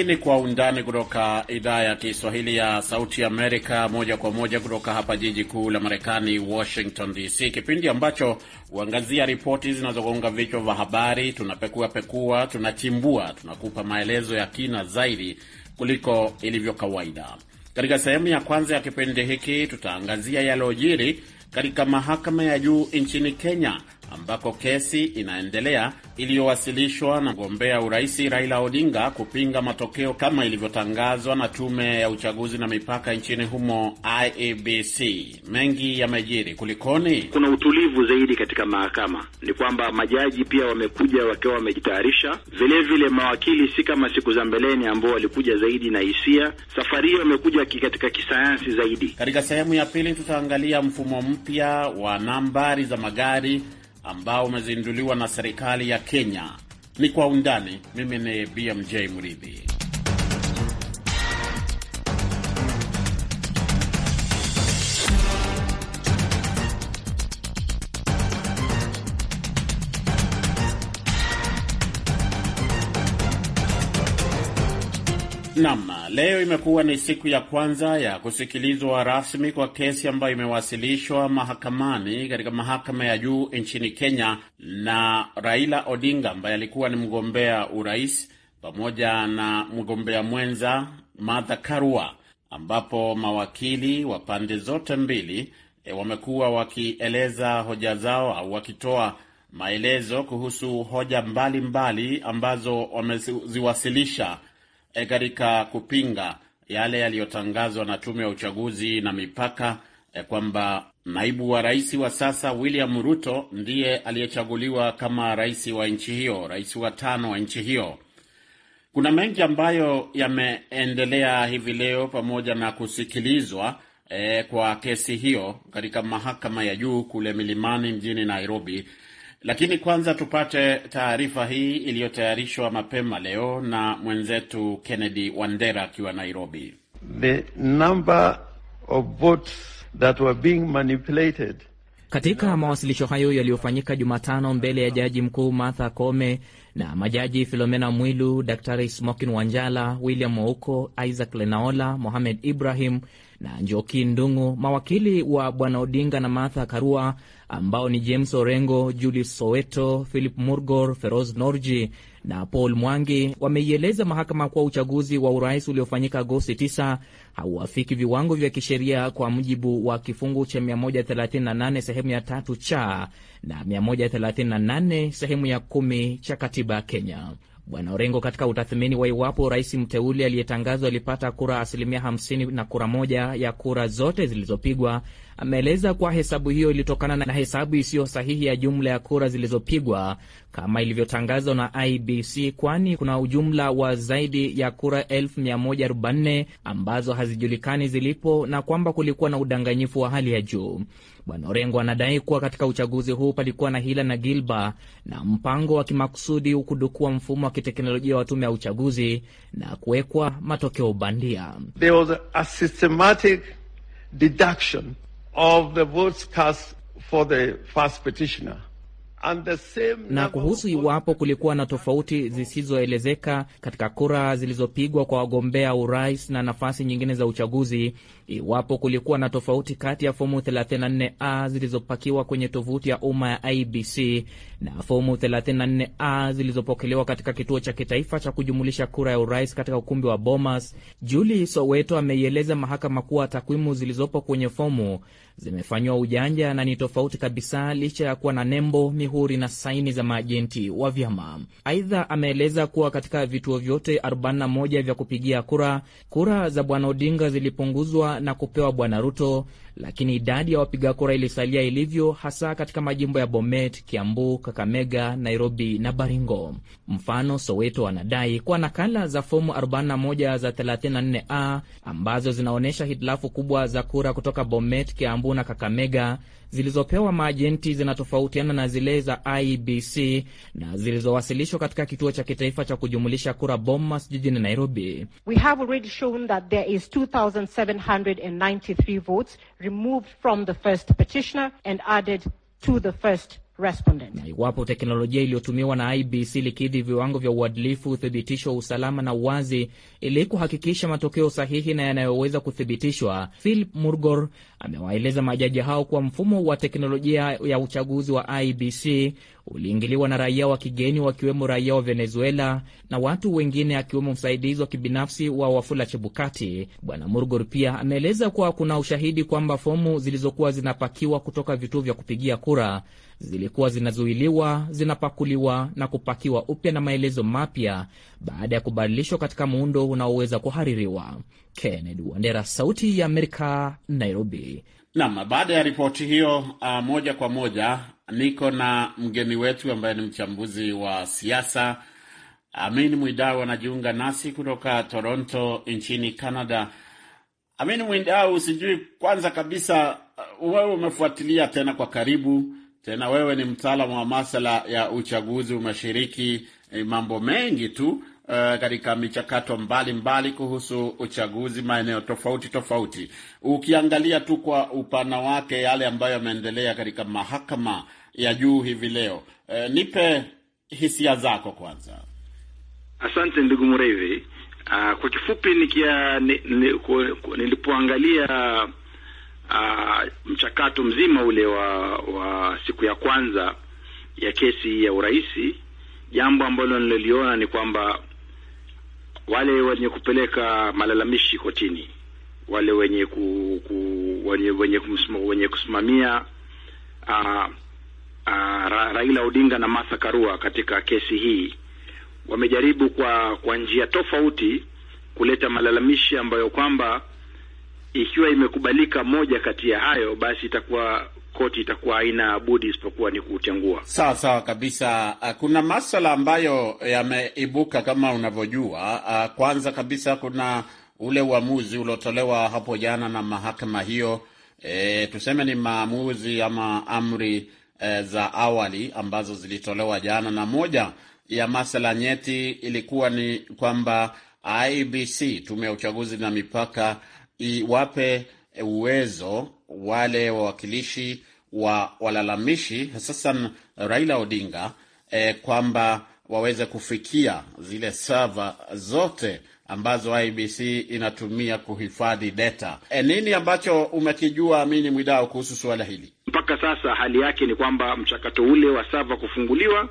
Hii ni Kwa Undani kutoka idhaa ya Kiswahili ya Sauti Amerika, moja kwa moja kutoka hapa jiji kuu la Marekani, Washington DC, kipindi ambacho huangazia ripoti zinazogonga vichwa vya habari. Tunapekua pekua, tunachimbua, tunakupa maelezo ya kina zaidi kuliko ilivyo kawaida. Katika sehemu ya kwanza ya kipindi hiki, tutaangazia yaliojiri katika mahakama ya juu nchini Kenya ambako kesi inaendelea iliyowasilishwa na mgombea urais Raila Odinga kupinga matokeo kama ilivyotangazwa na tume ya uchaguzi na mipaka nchini humo IEBC. Mengi yamejiri, kulikoni? Kuna utulivu zaidi katika mahakama, ni kwamba majaji pia wamekuja wakiwa wamejitayarisha vilevile. Mawakili si kama siku za mbeleni ambao walikuja zaidi na hisia, safari hiyo wamekuja katika kisayansi zaidi. Katika sehemu ya pili tutaangalia mfumo mpya wa nambari za magari ambao umezinduliwa na serikali ya Kenya. Ni kwa undani. Mimi ni BMJ Mridhi. Naam, leo imekuwa ni siku ya kwanza ya kusikilizwa rasmi kwa kesi ambayo imewasilishwa mahakamani katika mahakama ya juu nchini Kenya na Raila Odinga ambaye alikuwa ni mgombea urais pamoja na mgombea mwenza Martha Karua, ambapo mawakili wa pande zote mbili e, wamekuwa wakieleza hoja zao au wakitoa maelezo kuhusu hoja mbalimbali mbali ambazo wameziwasilisha Eh, katika kupinga yale yaliyotangazwa na tume ya uchaguzi na mipaka e, kwamba naibu wa rais wa sasa William Ruto ndiye aliyechaguliwa kama rais wa nchi hiyo, rais wa tano wa nchi hiyo. Kuna mengi ambayo yameendelea hivi leo pamoja na kusikilizwa e, kwa kesi hiyo katika mahakama ya juu kule Milimani mjini Nairobi lakini kwanza tupate taarifa hii iliyotayarishwa mapema leo na mwenzetu Kennedy Wandera akiwa Nairobi. The number of votes that were being manipulated katika mawasilisho hayo yaliyofanyika Jumatano mbele ya jaji mkuu Martha Koome na majaji Filomena Mwilu, Daktari Smokin Wanjala, William Mouko, Isaac Lenaola, Mohamed Ibrahim na Njoki Ndungu, mawakili wa Bwana Odinga na Martha Karua ambao ni James Orengo, Julius Soweto, Philip Murgor, Feroz Norji na Paul Mwangi wameieleza mahakama kuwa uchaguzi wa urais uliofanyika Agosti 9 hauafiki viwango vya kisheria kwa mujibu wa kifungu cha 138 sehemu ya tatu cha na 138 sehemu ya kumi cha katiba ya Kenya. Bwana Orengo, katika utathmini wa iwapo rais mteule aliyetangazwa alipata kura asilimia 50 na kura moja ya kura zote zilizopigwa Ameeleza kuwa hesabu hiyo ilitokana na hesabu isiyo sahihi ya jumla ya kura zilizopigwa kama ilivyotangazwa na IBC, kwani kuna ujumla wa zaidi ya kura 1140 ambazo hazijulikani zilipo na kwamba kulikuwa na udanganyifu wa hali ya juu. Bwana Orengo anadai kuwa katika uchaguzi huu palikuwa na hila na gilba na mpango wa kimakusudi kudukua mfumo wa kiteknolojia wa tume ya uchaguzi na kuwekwa matokeo bandia. There was a systematic deduction of the votes cast for the first petitioner. And the same na kuhusu iwapo kulikuwa na tofauti zisizoelezeka katika kura zilizopigwa kwa wagombea urais na nafasi nyingine za uchaguzi iwapo kulikuwa na tofauti kati ya fomu 34A zilizopakiwa kwenye tovuti ya umma ya IBC na fomu 34A zilizopokelewa katika kituo cha kitaifa cha kujumulisha kura ya urais katika ukumbi wa Bomas. Julie Soweto ameieleza mahakama kuwa takwimu zilizopo kwenye fomu zimefanyiwa ujanja na ni tofauti kabisa, licha ya kuwa na nembo, mihuri na saini za maajenti wa vyama. Aidha, ameeleza kuwa katika vituo vyote 41 vya kupigia kura, kura za Bwana Odinga zilipunguzwa na kupewa Bwana Ruto lakini idadi ya wapiga kura ilisalia ilivyo, hasa katika majimbo ya Bomet, Kiambu, Kakamega, Nairobi na Baringo. Mfano, Soweto anadai kuwa nakala za fomu 41 za 34A ambazo zinaonyesha hitilafu kubwa za kura kutoka Bomet, Kiambu na Kakamega zilizopewa maajenti zinatofautiana na zile za IBC na zilizowasilishwa katika kituo cha kitaifa cha kujumulisha kura Bomas jijini Nairobi. We have removed from the first petitioner and added to the first respondent. Na iwapo teknolojia iliyotumiwa na IBC likidhi viwango vya uadilifu, uthibitisho wa usalama na uwazi, ili kuhakikisha matokeo sahihi na yanayoweza kuthibitishwa, Philip Murgor amewaeleza majaji hao kuwa mfumo wa teknolojia ya uchaguzi wa IBC uliingiliwa na raia wa kigeni, wakiwemo raia wa Venezuela na watu wengine, akiwemo msaidizi wa kibinafsi wa Wafula Chebukati. Bwana Murgor pia ameeleza kuwa kuna ushahidi kwamba fomu zilizokuwa zinapakiwa kutoka vituo vya kupigia kura zilikuwa zinazuiliwa, zinapakuliwa na kupakiwa upya na maelezo mapya baada ya kubadilishwa katika muundo unaoweza kuhaririwa. Kennedy Wandera, Sauti ya Amerika, Nairobi. Nam, baada ya ripoti hiyo uh, moja kwa moja niko na mgeni wetu ambaye ni mchambuzi wa siasa Amin Mwidau anajiunga nasi kutoka Toronto nchini Canada. Amin Mwidau, sijui kwanza kabisa uh, wewe umefuatilia tena kwa karibu tena wewe ni mtaalamu wa masala ya uchaguzi, umeshiriki eh, mambo mengi tu Uh, katika michakato mbalimbali mbali kuhusu uchaguzi maeneo tofauti tofauti. Ukiangalia tu kwa upana wake yale ambayo yameendelea katika mahakama ya juu hivi leo, eh, nipe hisia zako kwanza. Asante ndugu mrevi Uh, ah, kwa kifupi ni, ni, nilipoangalia uh, mchakato mzima ule wa, wa siku ya kwanza ya kesi ya urais, jambo ambalo nililiona ni kwamba wale wenye kupeleka malalamishi kotini, wale wenye ku, ku, wenye, wenye, kumusma, wenye kusimamia uh, uh, Ra, Raila Odinga na Martha Karua katika kesi hii wamejaribu kwa kwa njia tofauti kuleta malalamishi ambayo kwamba ikiwa imekubalika moja kati ya hayo, basi itakuwa koti itakuwa haina budi isipokuwa ni kutengua. Sawa sawa kabisa. Ah, kuna masala ambayo yameibuka kama unavyojua. Ah, kwanza kabisa, kuna ule uamuzi uliotolewa hapo jana na mahakama hiyo, e, tuseme ni maamuzi ama amri e, za awali ambazo zilitolewa jana, na moja ya masala nyeti ilikuwa ni kwamba IBC, tume ya uchaguzi na mipaka iwape uwezo wale wawakilishi wa walalamishi hususan Raila Odinga eh, kwamba waweze kufikia zile sava zote ambazo IBC inatumia kuhifadhi data. E, nini ambacho umekijua Amini Mwidao kuhusu suala hili? Mpaka sasa hali yake ni kwamba mchakato ule wa sava kufunguliwa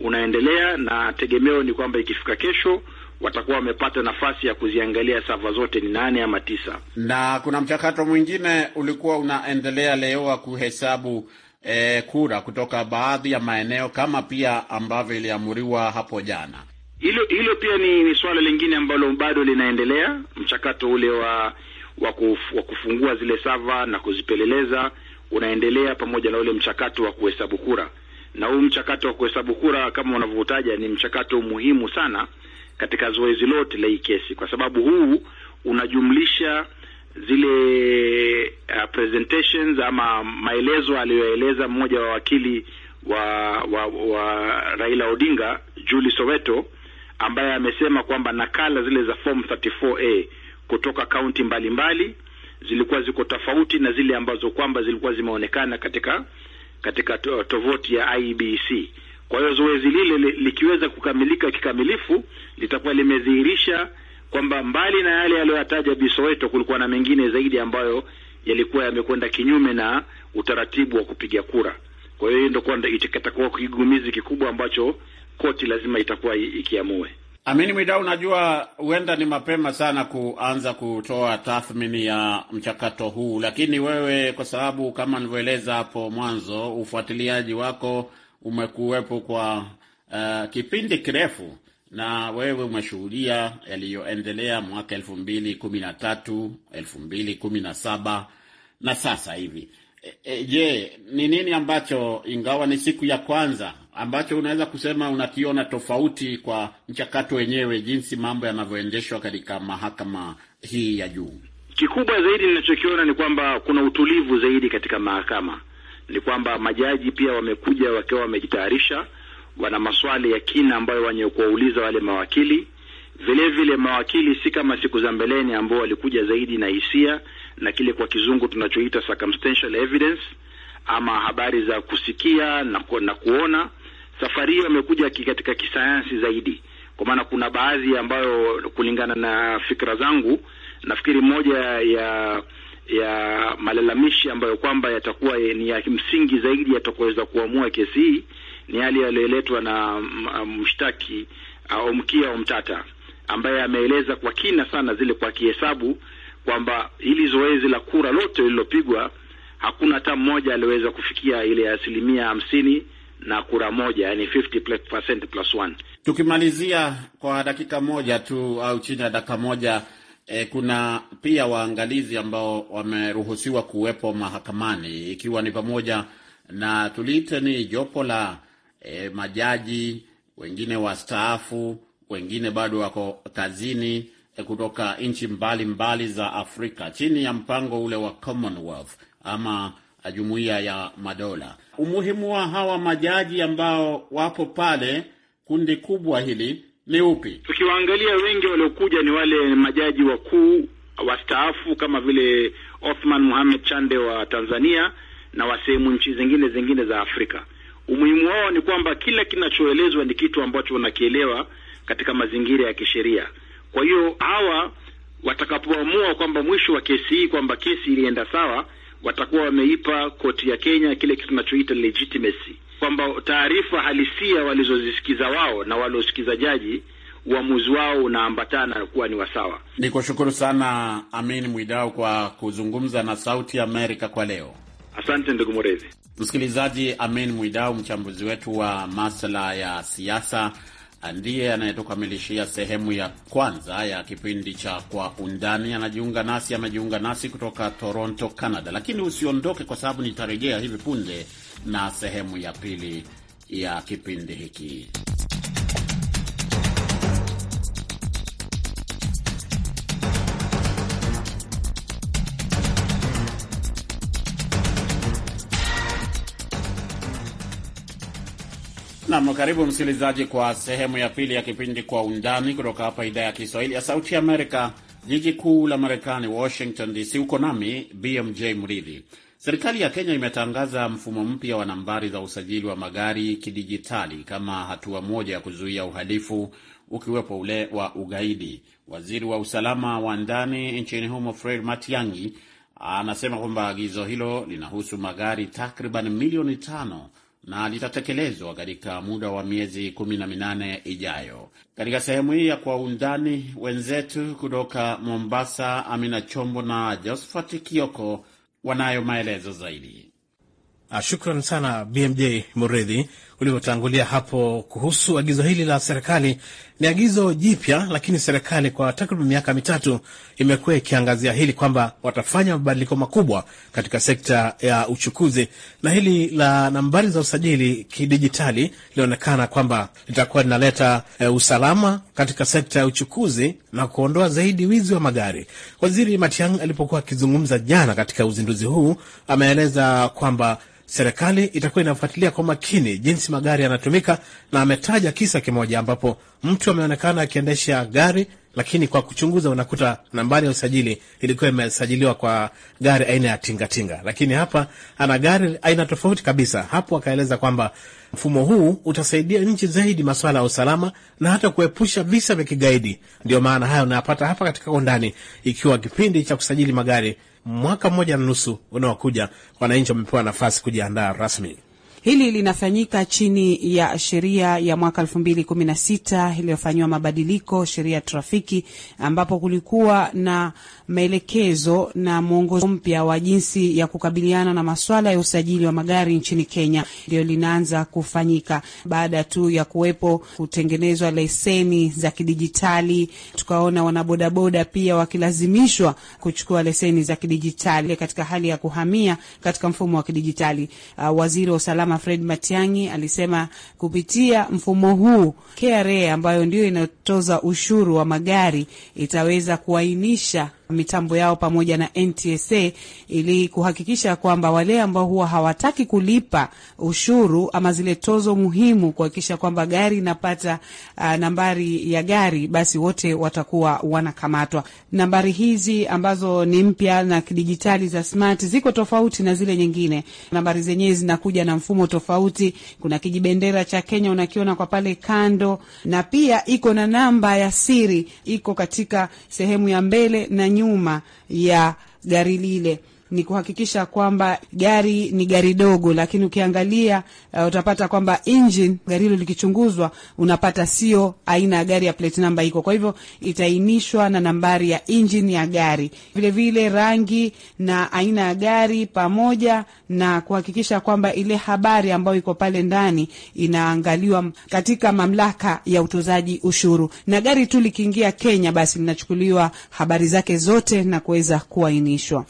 unaendelea na tegemeo ni kwamba ikifika kesho watakuwa wamepata nafasi ya kuziangalia safa zote ni nane ama tisa. Na kuna mchakato mwingine ulikuwa unaendelea leo wa kuhesabu e, kura kutoka baadhi ya maeneo kama pia ambavyo iliamuriwa hapo jana. Hilo hilo pia ni, ni suala lingine ambalo bado linaendelea, mchakato ule wa wa wa kufungua zile sava na kuzipeleleza unaendelea, pamoja na ule mchakato wa kuhesabu kura. Na huu mchakato wa kuhesabu kura kama unavyotaja ni mchakato muhimu sana katika zoezi lote la hii kesi, kwa sababu huu unajumlisha zile uh, presentations ama maelezo aliyoeleza mmoja wa wakili wa, wa, wa Raila Odinga Julie Soweto ambaye amesema kwamba nakala zile za form 34A kutoka kaunti mbalimbali zilikuwa ziko tofauti na zile ambazo kwamba zilikuwa zimeonekana katika katika tovuti ya ibc kwa hiyo zoezi lile likiweza kukamilika kikamilifu litakuwa limedhihirisha kwamba mbali na yale aliyoyataja bisoweto kulikuwa na mengine zaidi ambayo yalikuwa yamekwenda kinyume na utaratibu wa kupiga kura. Kwa hiyo ndio kwamba itatakuwa kigumizi kikubwa ambacho koti lazima itakuwa ikiamue. Amini Mwidau, najua huenda ni mapema sana kuanza kutoa tathmini ya mchakato huu, lakini wewe, kwa sababu kama nilivyoeleza hapo mwanzo, ufuatiliaji wako umekuwepo kwa uh, kipindi kirefu, na wewe umeshuhudia yaliyoendelea mwaka elfu mbili kumi na tatu elfu mbili kumi na saba na sasa hivi. E, e, je, ni nini ambacho ingawa ni siku ya kwanza ambacho unaweza kusema unakiona tofauti kwa mchakato wenyewe jinsi mambo yanavyoendeshwa katika mahakama hii ya juu? Kikubwa zaidi ninachokiona ni kwamba kuna utulivu zaidi katika mahakama ni kwamba majaji pia wamekuja wakiwa wamejitayarisha, wana maswali ya kina ambayo wenye kuwauliza wale mawakili. Vile vile mawakili si kama siku za mbeleni ambao walikuja zaidi na hisia na kile kwa kizungu tunachoita circumstantial evidence ama habari za kusikia na, ku, na kuona. Safari hii wamekuja katika kisayansi zaidi, kwa maana kuna baadhi ambayo kulingana na fikra zangu nafikiri moja ya ya malalamishi ambayo kwamba yatakuwa ni ya msingi zaidi yatakuweza kuamua kesi hii ni yale yaliyoletwa na mshtaki au mkia au mtata ambaye ameeleza kwa kina sana zile kwa kihesabu kwamba hili zoezi la kura lote lililopigwa hakuna hata mmoja aliweza kufikia ile asilimia hamsini na kura moja, yani 50% plus one. Tukimalizia kwa dakika moja tu au chini ya dakika moja E, kuna pia waangalizi ambao wameruhusiwa kuwepo mahakamani ikiwa ni pamoja na tuliite ni jopo la e, majaji wengine wastaafu, wengine bado wako kazini e, kutoka nchi mbalimbali za Afrika chini ya mpango ule wa Commonwealth ama jumuiya ya madola. Umuhimu wa hawa majaji ambao wapo pale, kundi kubwa hili upi? Tukiwaangalia wengi waliokuja ni wale majaji wakuu wastaafu kama vile Othman Mohamed Chande wa Tanzania na wa sehemu nchi zingine zingine za Afrika. Umuhimu wao ni kwamba kila kinachoelezwa ni kitu ambacho wanakielewa katika mazingira ya kisheria. Kwa hiyo hawa watakapoamua kwamba mwisho wa kesi hii kwamba kesi ilienda sawa, watakuwa wameipa koti ya Kenya kile kitu tunachoita legitimacy kwamba taarifa halisia walizozisikiza wao na waliosikiza jaji uamuzi wao unaambatana kuwa ni wasawa. Ni kushukuru sana Amin Mwidao kwa kuzungumza na Sauti Amerika kwa leo. Asante ndugu Murezi. Msikilizaji, Amin Mwidau, mchambuzi wetu wa masuala ya siasa, ndiye anayetukamilishia sehemu ya kwanza ya kipindi cha Kwa Undani. Anajiunga nasi amejiunga nasi kutoka Toronto, Canada, lakini usiondoke kwa sababu nitarejea hivi punde na sehemu ya pili ya kipindi hiki. Nam, karibu msikilizaji kwa sehemu ya pili ya kipindi Kwa Undani kutoka hapa idhaa ya Kiswahili ya Sauti Amerika, jiji kuu la Marekani, Washington DC. Uko nami BMJ Mridhi. Serikali ya Kenya imetangaza mfumo mpya wa nambari za usajili wa magari kidijitali kama hatua moja ya kuzuia uhalifu ukiwepo ule wa ugaidi. Waziri wa usalama wa ndani nchini humo Fred Matiang'i anasema kwamba agizo hilo linahusu magari takriban milioni tano na litatekelezwa katika muda wa miezi kumi na minane ijayo. Katika sehemu hii ya Kwa Undani, wenzetu kutoka Mombasa, Amina Chombo na Josphat Kioko wanayo maelezo zaidi. Ah, shukran sana BMJ Muredhi ulivyotangulia hapo kuhusu agizo hili la serikali. Ni agizo jipya, lakini serikali kwa takriban miaka mitatu imekuwa ikiangazia hili kwamba watafanya mabadiliko makubwa katika sekta ya uchukuzi, na hili la nambari za usajili kidijitali linaonekana kwamba litakuwa linaleta e, usalama katika sekta ya uchukuzi na kuondoa zaidi wizi wa magari. Waziri Matiang alipokuwa akizungumza jana katika uzinduzi huu ameeleza kwamba serikali itakuwa inafuatilia kwa makini jinsi magari yanatumika, na ametaja kisa kimoja ambapo mtu ameonekana akiendesha gari lakini kwa kuchunguza unakuta nambari ya usajili ilikuwa imesajiliwa kwa gari aina ya tingatinga, lakini hapa ana gari aina tofauti kabisa. Hapo akaeleza kwamba mfumo huu utasaidia nchi zaidi masuala ya usalama na hata kuepusha visa vya kigaidi. Ndio maana hayo unayapata hapa katika Undani, ikiwa kipindi cha kusajili magari mwaka mmoja na nusu unaokuja wananchi wamepewa nafasi kujiandaa rasmi. Hili linafanyika chini ya sheria ya mwaka 2016 iliyofanyiwa mabadiliko, sheria ya trafiki, ambapo kulikuwa na maelekezo na mwongozo mpya wa jinsi ya kukabiliana na maswala ya usajili wa magari nchini Kenya. Ndio linaanza kufanyika baada tu ya kuwepo kutengenezwa leseni za kidijitali. Tukaona wanabodaboda pia wakilazimishwa kuchukua leseni za kidijitali katika hali ya kuhamia katika mfumo wa kidijitali. Uh, waziri wa usalama Fred Matiang'i alisema kupitia mfumo huu KRA ambayo ndio inatoza ushuru wa magari itaweza kuainisha mitambo yao pamoja na NTSA ili kuhakikisha kwamba wale ambao huwa hawataki kulipa ushuru ama zile tozo muhimu kuhakikisha kwamba gari inapata uh, nambari ya gari, basi wote watakuwa wanakamatwa. Nambari hizi ambazo ni mpya na kidijitali za smart ziko tofauti na zile nyingine. Nambari zenyewe zinakuja na mfumo tofauti. Kuna kijibendera cha Kenya unakiona kwa pale kando, na pia iko na namba ya siri, iko katika sehemu ya mbele na nye nyuma ya gari lile ni kuhakikisha kwamba gari ni gari dogo, lakini ukiangalia uh, utapata kwamba engine gari hilo likichunguzwa, unapata sio aina ya gari ya plate number iko. Kwa hivyo itainishwa na nambari ya engine ya gari, vile vile rangi na aina ya gari, pamoja na kuhakikisha kwamba ile habari ambayo iko pale ndani inaangaliwa katika mamlaka ya utozaji ushuru, na gari tu likiingia Kenya, basi linachukuliwa habari zake zote na kuweza kuainishwa.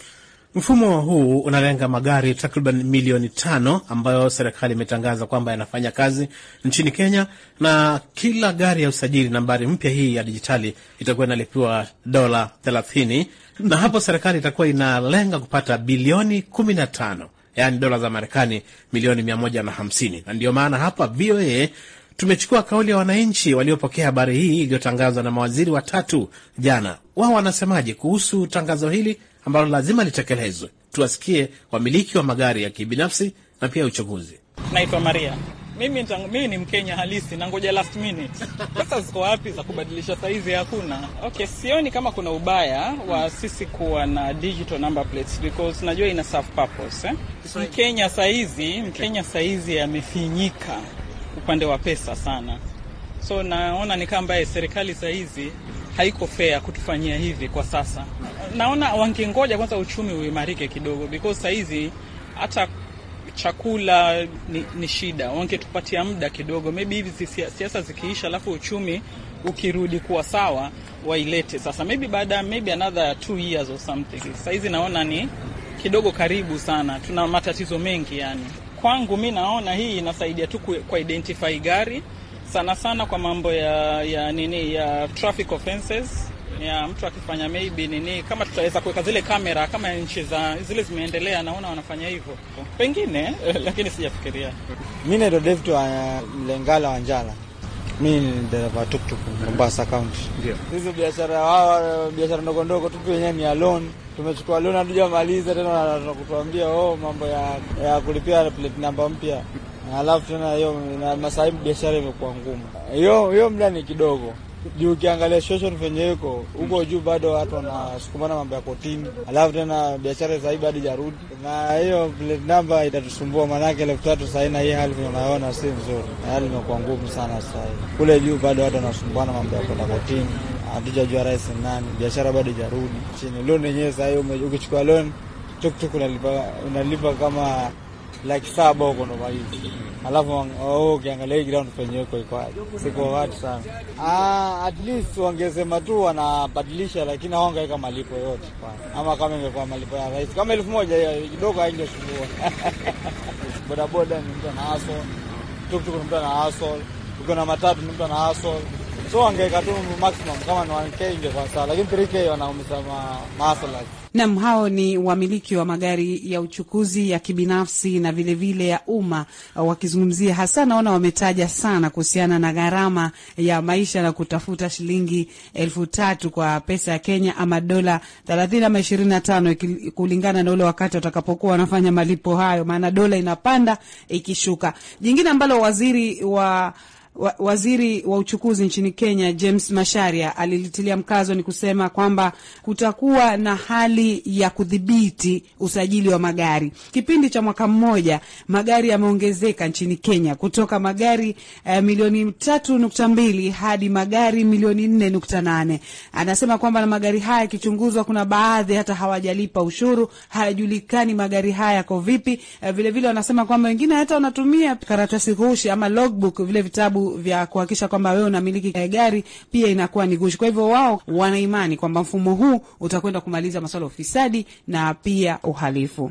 Mfumo huu unalenga magari takriban milioni tano ambayo serikali imetangaza kwamba yanafanya kazi nchini Kenya, na kila gari ya usajili nambari mpya hii ya dijitali itakuwa inalipiwa dola thelathini, na hapo serikali itakuwa inalenga kupata bilioni kumi na tano yaani dola za Marekani milioni mia moja na hamsini. Na ndiyo maana hapa VOA tumechukua kauli ya wananchi waliopokea habari hii iliyotangazwa na mawaziri watatu jana. Wao wanasemaje kuhusu tangazo hili? ambalo lazima litekelezwe. Tuwasikie wamiliki wa magari ya kibinafsi na pia uchaguzi. Naitwa Maria. Mimi, mimi ni Mkenya halisi na ngoja last minute. Pesa ziko wapi za kubadilisha saizi? Hakuna. Okay, sioni kama kuna ubaya wa sisi kuwa na digital number plates because najua ina serve purpose eh? Mkenya saizi, Mkenya saizi amefinyika upande wa pesa sana, so naona ni kama serikali saizi haiko fair kutufanyia hivi kwa sasa. Naona wangengoja kwanza uchumi uimarike kidogo, because sahizi hata chakula ni, ni shida. Wangetupatia muda kidogo, maybe hivi siasa zikiisha, alafu uchumi ukirudi kuwa sawa, wailete sasa, maybe baada maybe another two years or something. Sahizi naona ni kidogo karibu sana, tuna matatizo mengi yani. Kwangu mi naona hii inasaidia tu kuidentify gari sana sana kwa mambo ya ya nini ya traffic offenses ya mtu akifanya maybe nini, kama tutaweza kuweka zile kamera kama nchi za zile zimeendelea, naona wanafanya hivyo pengine, lakini sijafikiria. Mi naitwa David wa Mlengala Wanjala, mi ni dereva tuktuk Mombasa County. Hizo biashara wao biashara ndogo ndogo tu wenyewe ni aloni, tumechukua loni hatujamaliza tena, tunakutuambia oh, mambo ya, ya kulipia plate namba mpya na halafu tena hiyo na masaibu biashara imekuwa ngumu, hiyo hiyo mda ni kidogo juu ukiangalia situation venye iko huko mm. juu, bado watu wanasukumana mambo ya kotini, alafu tena biashara za hii bado jarudi, na hiyo plate number itatusumbua, maanake elfu tatu sahii na hii hali unaona si nzuri, na hali imekuwa ngumu sana sahii. Kule juu bado watu wanasumbana mambo ya kwenda kotini, hatujajua rais ni nani, biashara bado jarudi chini. Loan yenyewe sahii ukichukua loan tuktuk unalipa, unalipa kama laki saba huko ndo malipo. Alafu oh, oh, ukiangalia hii ground penye huko iko aje, watu sana. Ah, at least wangesema tu wanabadilisha, lakini hawangeweka malipo yote kwanza, ama kama ingekuwa malipo ya rahisi kama elfu moja hiyo kidogo haingesumbua. Bodaboda ni mtu na hassle, tuktuk ni mtu na asol ukiwa na matatu ni mtu na hassle so wangeweka tu maximum kama ni 1k ingekuwa sawa, lakini 3k wanaumiza masala. Naam, hao ni wamiliki wa magari ya uchukuzi ya kibinafsi na vilevile vile ya umma, uh, wakizungumzia hasa, naona wametaja sana kuhusiana na gharama ya maisha na kutafuta shilingi elfu tatu kwa pesa ya Kenya ama dola 30 ama 25 kulingana na ule wakati watakapokuwa wanafanya malipo hayo, maana dola inapanda ikishuka. Jingine ambalo waziri wa wa, waziri wa uchukuzi nchini Kenya James Masharia alilitilia mkazo ni kusema kwamba kutakuwa na hali ya kudhibiti usajili wa magari. Kipindi cha mwaka mmoja magari yameongezeka nchini Kenya kutoka magari eh, milioni tatu nukta mbili hadi magari milioni nne nukta nane. Anasema kwamba na magari haya yakichunguzwa, kuna baadhi hata hawajalipa ushuru, hayajulikani magari haya yako vipi. Vilevile eh, wanasema kwamba wengine hata wanatumia karatasi kushi ama logbook, vile vitabu vya kuhakikisha kwamba wewe unamiliki eh, gari pia inakuwa ni gushi. Kwa hivyo wao wanaimani kwamba mfumo huu utakwenda kumaliza masuala ya ufisadi na pia uhalifu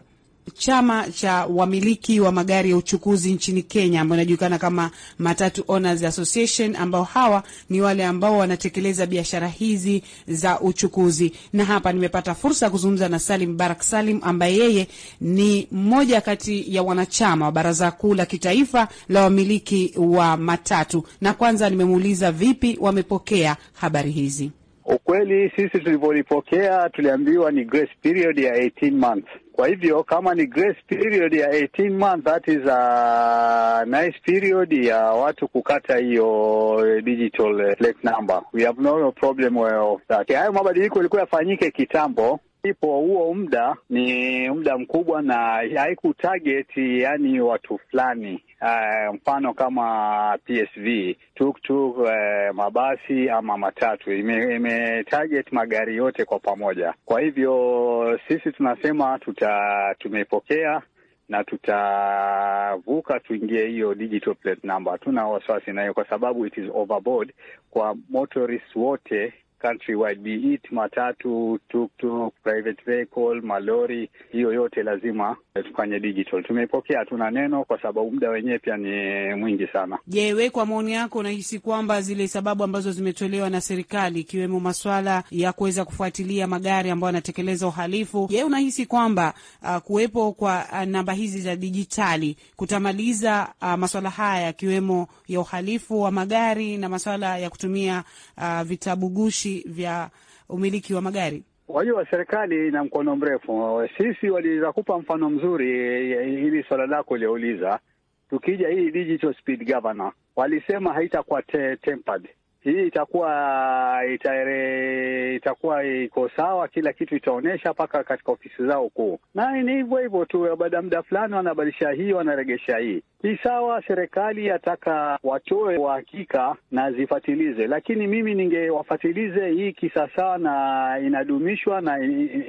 chama cha wamiliki wa magari ya uchukuzi nchini Kenya ambao inajulikana kama Matatu Owners Association, ambao hawa ni wale ambao wanatekeleza biashara hizi za uchukuzi. Na hapa nimepata fursa ya kuzungumza na Salim Barak Salim ambaye yeye ni mmoja kati ya wanachama wa baraza kuu la kitaifa la wamiliki wa matatu, na kwanza nimemuuliza vipi wamepokea habari hizi. Ukweli sisi tulivyolipokea tuliambiwa ni grace period ya 18 months kwa hivyo kama ni grace period ya 18 months, that is a nice period ya watu kukata hiyo digital plate eh, number. We have no problem of that. Hayo mabadiliko yalikuwa yafanyike kitambo, ipo huo muda ni muda mkubwa na haikutarget yani watu fulani uh, mfano kama PSV tuktuk, uh, mabasi ama matatu, imetarget ime magari yote kwa pamoja. Kwa hivyo sisi tunasema tuta, tumepokea na tutavuka tuingie hiyo digital plate number. Hatuna wasiwasi nayo, kwa sababu it is overboard kwa motorists wote countrywide, be it matatu, tuktuk, private vehicle, malori, hiyo yote lazima kwenye digital. Tumeipokea, hatuna neno kwa sababu muda wenyewe pia ni mwingi sana. Je, we kwa maoni yako unahisi kwamba zile sababu ambazo zimetolewa na serikali ikiwemo maswala ya kuweza kufuatilia magari ambayo yanatekeleza uhalifu, je, unahisi kwamba uh, kuwepo kwa uh, namba hizi za dijitali kutamaliza uh, maswala haya yakiwemo ya uhalifu wa magari na maswala ya kutumia uh, vitabugushi vya umiliki wa magari? Wajua, serikali ina mkono mrefu. Sisi waliweza kupa mfano mzuri eh, hili swala lako uliouliza, tukija hii digital speed governor walisema haitakuwa tempered hii itakuwa itakuwa iko sawa, kila kitu itaonyesha mpaka katika ofisi zao kuu, na ni hivyo hivyo tu, baada ya muda fulani wanabadilisha hii, wanaregesha hii. Ni sawa, serikali yataka watoe uhakika na zifatilize, lakini mimi ningewafatilize hii sawa, na inadumishwa na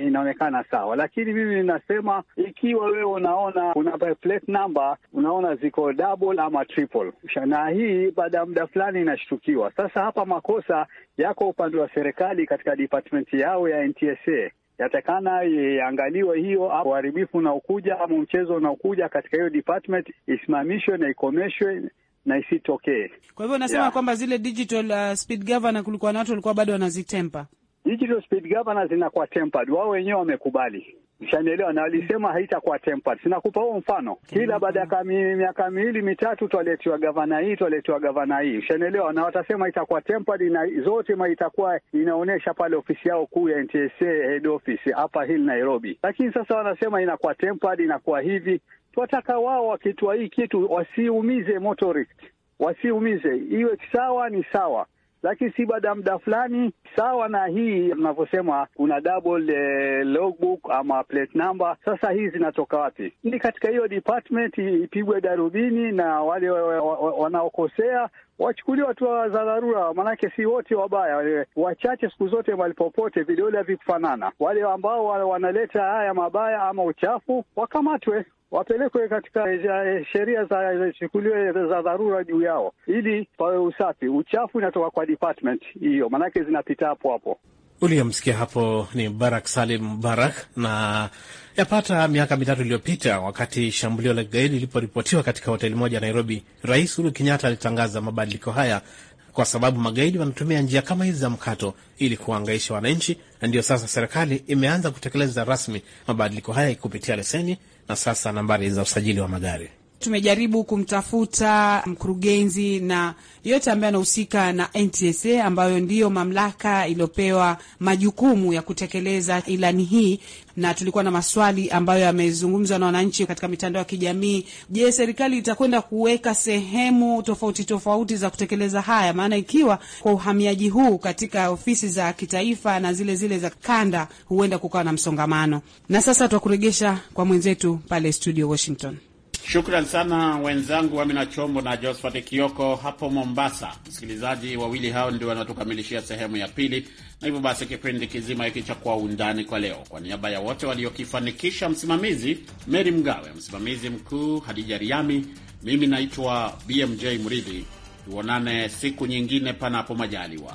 inaonekana sawa, lakini mimi ninasema ikiwa wewe unaona kuna plate number unaona ziko double ama triple na hii, baada ya muda fulani inashtukiwa sasa hapa makosa yako upande wa serikali katika department yao ya NTSA yatakana iangaliwe hiyo uharibifu unaokuja ama mchezo unaokuja katika hiyo department isimamishwe na ikomeshwe na isitokee. Kwa hivyo unasema yeah, kwamba zile digital uh, speed governor kulikuwa na watu walikuwa bado wanazitempa digital speed governor zinakuwa tempered, wao wenyewe wamekubali. Ushanielewa, na walisema haitakuwa tempered. Sinakupa huo mfano kila mm-hmm. baada ya miaka miwili mitatu twaletiwa gavana hii twaletiwa gavana hii, ushanielewa, na watasema itakuwa tempered na zote ma itakuwa inaonyesha pale ofisi yao kuu ya NTSA head office hapa Hill Nairobi, lakini sasa wanasema inakuwa tempered, inakuwa hivi. Twataka wao wakitoa hii kitu wasiumize motorist, wasiumize, iwe sawa ni sawa lakini si baada ya muda fulani, sawa na hii unavyosema kuna double eh, logbook ama plate number. Sasa hii zinatoka wapi? Ni katika hiyo department ipigwe darubini na wale wanaokosea wachukuliwa hatua za dharura, maanake si wote wabaya. Wachache siku zote, walipopote popote vidole havikufanana. Wale ambao wanaleta haya mabaya ama uchafu wakamatwe wapelekwe katika eh, eh, sheria zichukuliwe eh, za, dharura juu yao, ili pawe usafi. Uchafu inatoka kwa department hiyo, maanake zinapita hapo hapo. Uliyemsikia hapo ni Barak Salim barak na yapata miaka mitatu iliyopita, wakati shambulio la kigaidi liliporipotiwa katika hoteli moja Nairobi, Rais Uhuru Kenyatta alitangaza mabadiliko haya kwa sababu magaidi wanatumia njia kama hizi za mkato ili kuangaisha wananchi, na ndio sasa serikali imeanza kutekeleza rasmi mabadiliko haya kupitia leseni na sasa nambari za usajili wa magari. Tumejaribu kumtafuta mkurugenzi na yote ambaye anahusika na NTSA ambayo ndiyo mamlaka iliyopewa majukumu ya kutekeleza ilani hii, na tulikuwa na maswali ambayo yamezungumzwa na wananchi katika mitandao ya kijamii. Je, serikali itakwenda kuweka sehemu tofauti tofauti za kutekeleza haya? Maana ikiwa kwa uhamiaji huu katika ofisi za kitaifa na zile zile za kanda, huenda kukawa na msongamano. Na sasa twakuregesha kwa mwenzetu pale studio Washington. Shukran sana wenzangu Amina Chombo na Josphat Kioko hapo Mombasa. Msikilizaji, wawili hao ndio wanatukamilishia sehemu ya pili, na hivyo basi kipindi kizima hiki cha Kwa Undani kwa leo, kwa niaba ya wote waliokifanikisha, msimamizi Meri Mgawe, msimamizi mkuu Hadija Riami, mimi naitwa BMJ Mridhi. Tuonane siku nyingine, panapo majaliwa.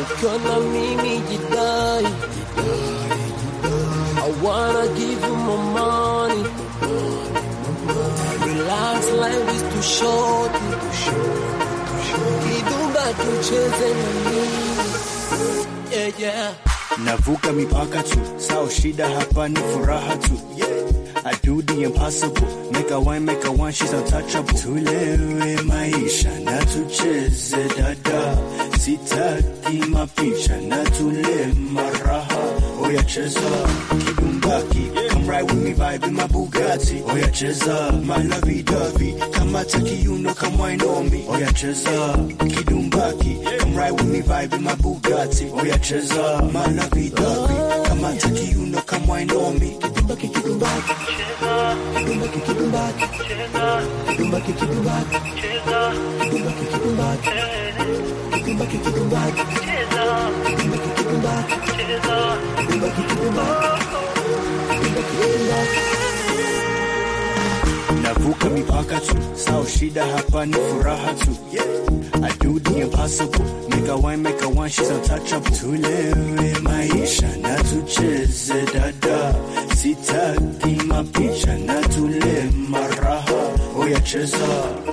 Ukiona mimi jidai, I wanna give you my money. Relax, life is too short. Kiduba tucheze na mimi. Yeah, yeah. Navuka mipaka tu, sao shida hapa ni furaha tu. Yeah. I do the impossible. Make a wine, make a wine, she's untouchable. Tulewe maisha na tucheze dada, sitaki mapicha na tule maraha oya cheza kidumbaki come ride with me vibe in my Bugatti oya cheza my lovey dovey come taki you know come wine on me oya cheza kidumbaki come ride with me vibe in my Bugatti oya cheza my lovey dovey come taki you know come wine on me kidumbaki kidumbaki kidumbaki kidumbaki kidumbaki kidumbaki kidumbaki kidumbaki kidumbaki kidumbaki kidumbaki Navuka mipaka tu, sao shida hapa ni furaha tu. I do the impossible, make a wine, make a wine, she's untouchable. Tulewe maisha na tucheze dada, sitaki mapicha na tule maraha, oya cheza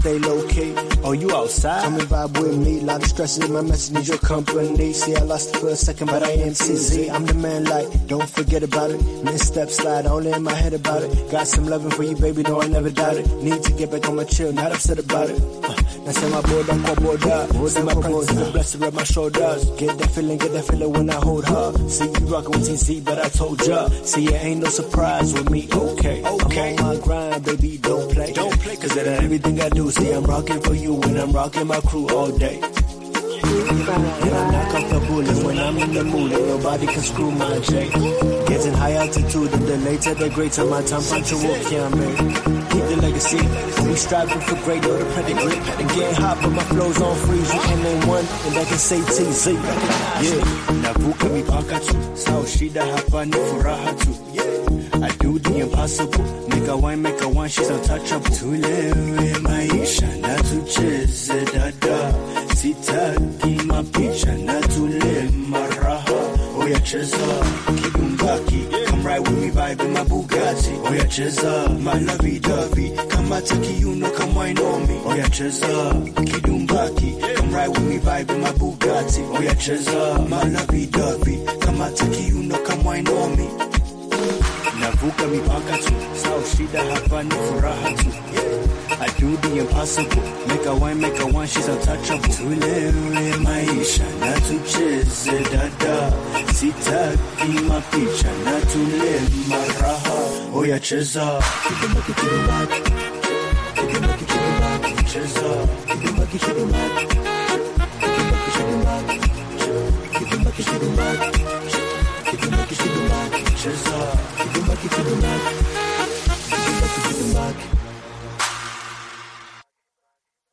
stay low key. Oh, you outside? Come and vibe with me. Lot of stresses, in my message, need your company. See, I lost it for a second, but I am CZ. I'm the man, like, don't forget about it. Misstep slide, only in my head about it. Got some loving for you, baby, no, I never doubt it. Need to get back on my chill, not upset about it. Uh, now, my don't call me up. see my presence, the blessing of my shoulders. Get that feeling, get that feeling when I hold her. See, you rockin' with TZ, but I told ya. See, it ain't no surprise with me, okay. okay. I'm on my grind, baby, don't play. Don't play, cause that ain't everything I do. See, I'm rockin' for you when I'm rocking my crew all day. And I'm not comfortable when I'm in the mood and nobody can screw my J. Getting high altitude and the later the greater my time punctual yeah, man keep the legacy. We striving for greater the pedigree. And getting hot, but my flow's on freeze. You can name one, and I can say TZ. Yeah. Navuka mipaka tu, sao shida hapa ni furaha tu. Yeah. I do the impossible, make a wine, make a wine, she's untouchable. Tulewe maisha na tucheze dada, sitaki mapicha na tule maraha. Oya cheza kibumbaki, come right with me, vibe in my Bugatti. Oya cheza my lovey dovey, kama taki you know, come wine on me. Oya cheza kibumbaki, come right with me, vibe in my Bugatti. Oya cheza my lovey dovey, kama taki you know, come wine on me navuka mipaka tu, sao shida hapa ni furaha tu I do the impossible, make a wine, make a wine, she's untouchable. Tulewe maisha na tucheze dada, sitaki mapicha na tule maraha, oya cheza back. Kidumbaki, kidumbaki, cheza kidumbaki, kidumbaki, kidumbaki, kidumbaki